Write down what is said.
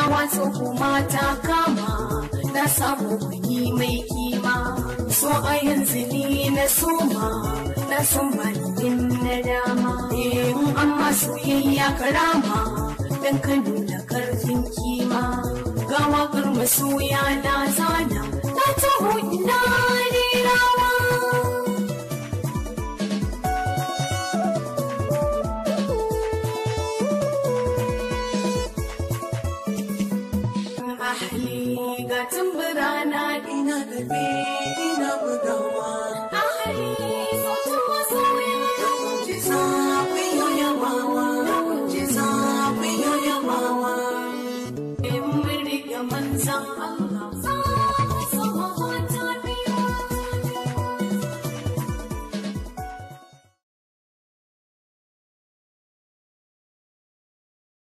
rawa tsohuma ta kama na samu kunyi mai kima so a yanzu ni na soma na san malibin na dama eh amma soyayya karama dan ka nuna karfin kima ga wakar masoya na zana ahli ga tumburana ina gabe ina bugawa ahli sautin in